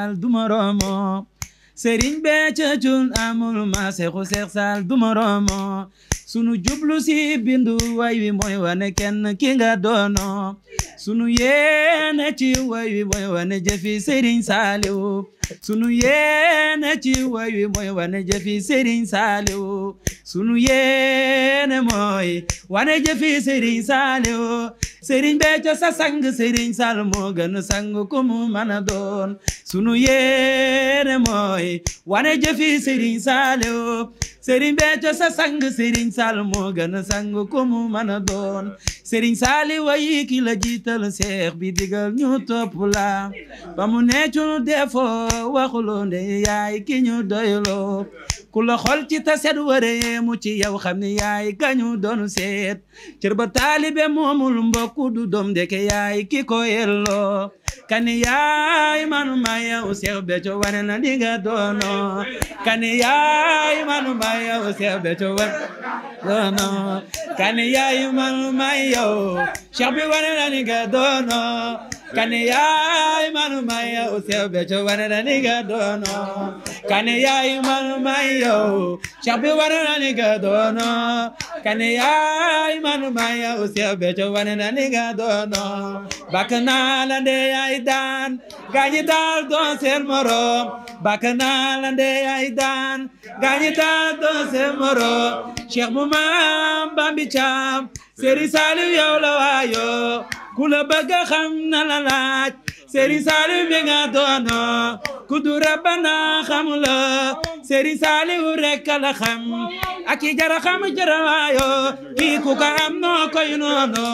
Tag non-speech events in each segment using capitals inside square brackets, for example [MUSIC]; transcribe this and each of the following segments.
Sall du moroomo Serigne Béthio Thioune amul ma Seexu sunu jublu si bindu way wi mooy wane kenn ki nga doono sunu yéene ci way wi mooy wane jëfi Serigne Saliou sunu yéene ci way wi mooy wane jëfi Serigne Saliou sunu yéene mooy wane jëfi Serigne Saliou sëriñ Béthio sa sang sëriñ Sall moo gën a sang ku mu mën a doon sunu yéene mooy wane jëfi sëriñ Sall sëriñ Béthio sa sang sëriñ sal moo gën a sang ku mu mën doon sëriñ Sall wayi ki la jiital seex bi digal ñu topp la ba mu ne cunu defoo waxuloo ne yaay ki ñu doyloo ku la xol ci ta waree mu ci yow xam ne yaay gañu doon seet cër ba taalibe moomul mbokku du doom ndeke yaay ki ko yelloo kani yaay man ma yow Seex Béthio wane na li nga doono kani ma yow Seex Béthio wane na li doono kane yaay manu mayo sewɓe co waɗananiga dono kane yaay manu mayo caɓɓe waɗananiga dono kane yaay manu mayo sewɓe co waɗananiga dono bakanala nde yaay dan gañital don sermoro bakanala nde yaay dan gañital don sermoro cheikh moumam bambi cam seri saliw yow la wayo ku la bëgg xam na la laaj Serigne Saliou mi doono ku du rabbana xam la Serigne Saliou rek la xam ak jara xam jara waayo kii ku ko am noo koy noono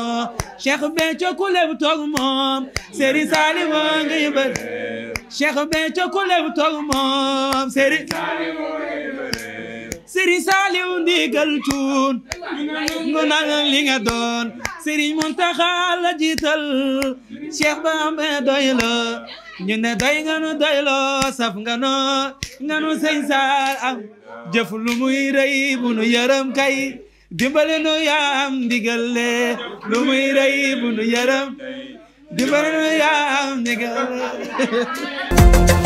Cheikh Béthio ku lew toog moom Serigne Saliou woo ngi bër Cheikh ku lew toog moom Serigne Serigne Saliou ndigal cuun ngu nal li nga doon Serigne Mountakha la jiital Cheikh Bamba doy la ñu ne doy nga nu doy loo saf nga noo nga nu sëñ Saar am jëf lu muy rëy yërëm kay dimbale nu yaa am ndigal le lu muy rëy yërëm dimbale yaa am ndigal [LAUGHS]